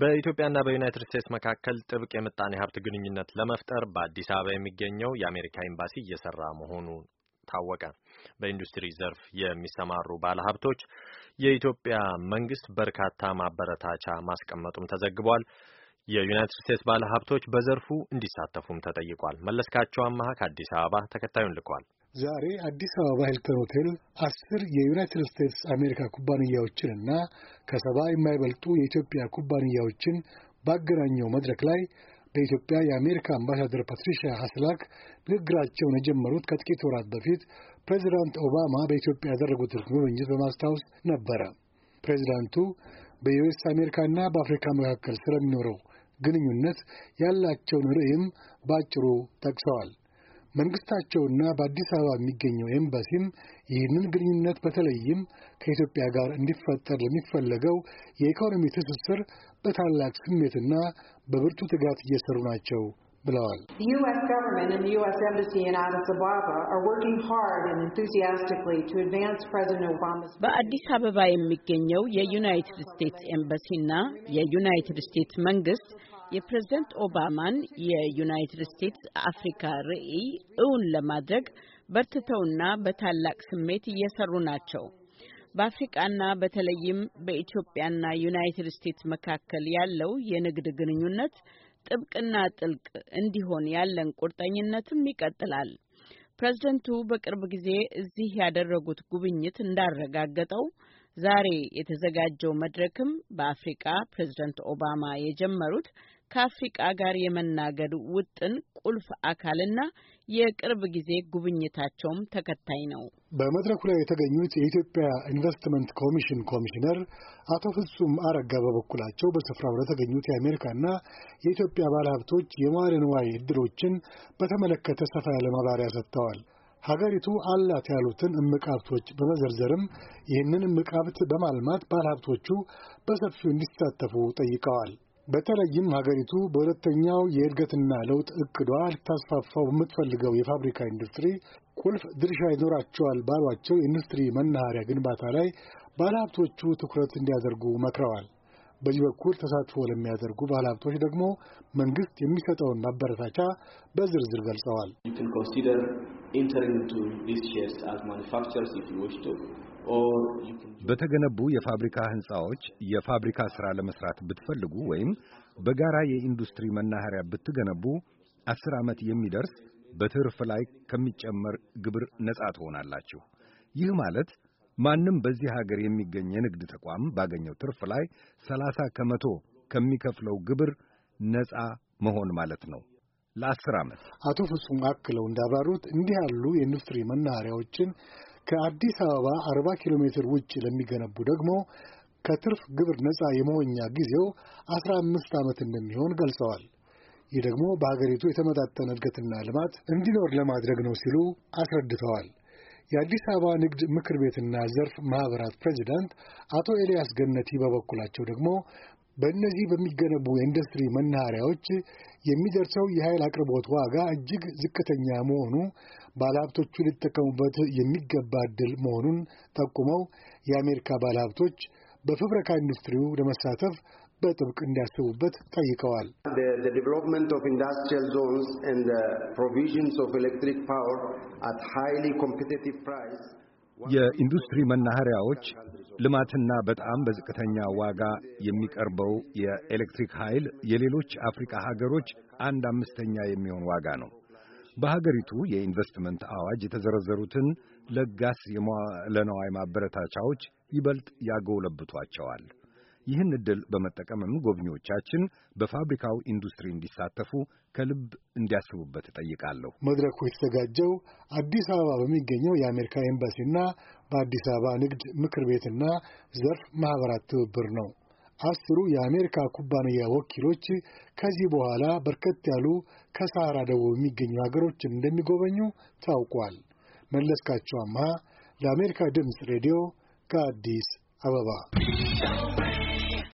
በኢትዮጵያና በዩናይትድ ስቴትስ መካከል ጥብቅ የምጣኔ ሀብት ግንኙነት ለመፍጠር በአዲስ አበባ የሚገኘው የአሜሪካ ኤምባሲ እየሰራ መሆኑ ታወቀ። በኢንዱስትሪ ዘርፍ የሚሰማሩ ባለሀብቶች የኢትዮጵያ መንግስት በርካታ ማበረታቻ ማስቀመጡም ተዘግቧል። የዩናይትድ ስቴትስ ባለሀብቶች በዘርፉ እንዲሳተፉም ተጠይቋል። መለስካቸው አማሃ ከአዲስ አበባ ተከታዩን ልኳል። ዛሬ አዲስ አበባ ሂልተን ሆቴል አስር የዩናይትድ ስቴትስ አሜሪካ ኩባንያዎችንና ከሰባ የማይበልጡ የኢትዮጵያ ኩባንያዎችን ባገናኘው መድረክ ላይ በኢትዮጵያ የአሜሪካ አምባሳደር ፓትሪሻ ሀስላክ ንግግራቸውን የጀመሩት ከጥቂት ወራት በፊት ፕሬዚዳንት ኦባማ በኢትዮጵያ ያደረጉትን ጉብኝት በማስታወስ ነበረ። ፕሬዚዳንቱ በዩኤስ አሜሪካና በአፍሪካ መካከል ስለሚኖረው ግንኙነት ያላቸውን ርዕይም በአጭሩ ጠቅሰዋል። መንግስታቸውና በአዲስ አበባ የሚገኘው ኤምባሲም ይህንን ግንኙነት በተለይም ከኢትዮጵያ ጋር እንዲፈጠር ለሚፈለገው የኢኮኖሚ ትስስር በታላቅ ስሜትና በብርቱ ትጋት እየሰሩ ናቸው ብለዋል። በአዲስ አበባ የሚገኘው የዩናይትድ ስቴትስ ኤምባሲና የዩናይትድ ስቴትስ መንግስት የፕሬዝደንት ኦባማን የዩናይትድ ስቴትስ አፍሪካ ራዕይ እውን ለማድረግ በርትተውና በታላቅ ስሜት እየሰሩ ናቸው። በአፍሪቃና በተለይም በኢትዮጵያና ዩናይትድ ስቴትስ መካከል ያለው የንግድ ግንኙነት ጥብቅና ጥልቅ እንዲሆን ያለን ቁርጠኝነትም ይቀጥላል። ፕሬዝደንቱ በቅርብ ጊዜ እዚህ ያደረጉት ጉብኝት እንዳረጋገጠው ዛሬ የተዘጋጀው መድረክም በአፍሪቃ ፕሬዝደንት ኦባማ የጀመሩት ከአፍሪቃ ጋር የመናገድ ውጥን ቁልፍ አካልና የቅርብ ጊዜ ጉብኝታቸውም ተከታይ ነው። በመድረኩ ላይ የተገኙት የኢትዮጵያ ኢንቨስትመንት ኮሚሽን ኮሚሽነር አቶ ፍጹም አረጋ በበኩላቸው በስፍራው ለተገኙት የአሜሪካና የኢትዮጵያ ባለሀብቶች የመዋለ ንዋይ በተመለከተ ሰፋ ያለ ማብራሪያ ሰጥተዋል። ሀገሪቱ አላት ያሉትን እምቅ ሀብቶች በመዘርዘርም ይህንን እምቅ ሀብት በማልማት ባለሀብቶቹ በሰፊው እንዲሳተፉ ጠይቀዋል። በተለይም ሀገሪቱ በሁለተኛው የእድገትና ለውጥ እቅዷ ልታስፋፋው በምትፈልገው የፋብሪካ ኢንዱስትሪ ቁልፍ ድርሻ ይኖራቸዋል ባሏቸው የኢንዱስትሪ መናኸሪያ ግንባታ ላይ ባለሀብቶቹ ትኩረት እንዲያደርጉ መክረዋል። በዚህ በኩል ተሳትፎ ለሚያደርጉ ባለሀብቶች ደግሞ መንግስት የሚሰጠውን ማበረታቻ በዝርዝር ገልጸዋል። በተገነቡ የፋብሪካ ህንፃዎች የፋብሪካ ስራ ለመስራት ብትፈልጉ ወይም በጋራ የኢንዱስትሪ መናኸሪያ ብትገነቡ አስር ዓመት የሚደርስ በትርፍ ላይ ከሚጨመር ግብር ነጻ ትሆናላችሁ። ይህ ማለት ማንም በዚህ ሀገር የሚገኝ የንግድ ተቋም ባገኘው ትርፍ ላይ ሰላሳ ከመቶ ከሚከፍለው ግብር ነጻ መሆን ማለት ነው ለአስር ዓመት። አቶ ፍጹም አክለው እንዳብራሩት እንዲህ ያሉ የኢንዱስትሪ መናኸሪያዎችን ከአዲስ አበባ 40 ኪሎ ሜትር ውጭ ለሚገነቡ ደግሞ ከትርፍ ግብር ነፃ የመሆኛ ጊዜው 15 ዓመት እንደሚሆን ገልጸዋል። ይህ ደግሞ በሀገሪቱ የተመጣጠነ እድገትና ልማት እንዲኖር ለማድረግ ነው ሲሉ አስረድተዋል። የአዲስ አበባ ንግድ ምክር ቤትና ዘርፍ ማኅበራት ፕሬዚዳንት አቶ ኤልያስ ገነቲ በበኩላቸው ደግሞ በእነዚህ በሚገነቡ የኢንዱስትሪ መናኸሪያዎች የሚደርሰው የኃይል አቅርቦት ዋጋ እጅግ ዝቅተኛ መሆኑ ባለሀብቶቹ ሊጠቀሙበት የሚገባ እድል መሆኑን ጠቁመው የአሜሪካ ባለሀብቶች በፍብረካ ኢንዱስትሪው ለመሳተፍ በጥብቅ እንዲያስቡበት ጠይቀዋል። የኢንዱስትሪ መናኸሪያዎች ልማትና በጣም በዝቅተኛ ዋጋ የሚቀርበው የኤሌክትሪክ ኃይል የሌሎች አፍሪካ ሀገሮች አንድ አምስተኛ የሚሆን ዋጋ ነው። በሀገሪቱ የኢንቨስትመንት አዋጅ የተዘረዘሩትን ለጋስ የመዋዕለ ንዋይ ማበረታቻዎች ይበልጥ ያጎለብቷቸዋል። ይህን ዕድል በመጠቀምም ጎብኚዎቻችን በፋብሪካው ኢንዱስትሪ እንዲሳተፉ ከልብ እንዲያስቡበት እጠይቃለሁ። መድረኩ የተዘጋጀው አዲስ አበባ በሚገኘው የአሜሪካ ኤምባሲና በአዲስ አበባ ንግድ ምክር ቤትና ዘርፍ ማኅበራት ትብብር ነው። አስሩ የአሜሪካ ኩባንያ ወኪሎች ከዚህ በኋላ በርከት ያሉ ከሰሃራ ደቡብ የሚገኙ ሀገሮችን እንደሚጎበኙ ታውቋል። መለስካቸው አምሃ ለአሜሪካ ድምፅ ሬዲዮ ከአዲስ አበባ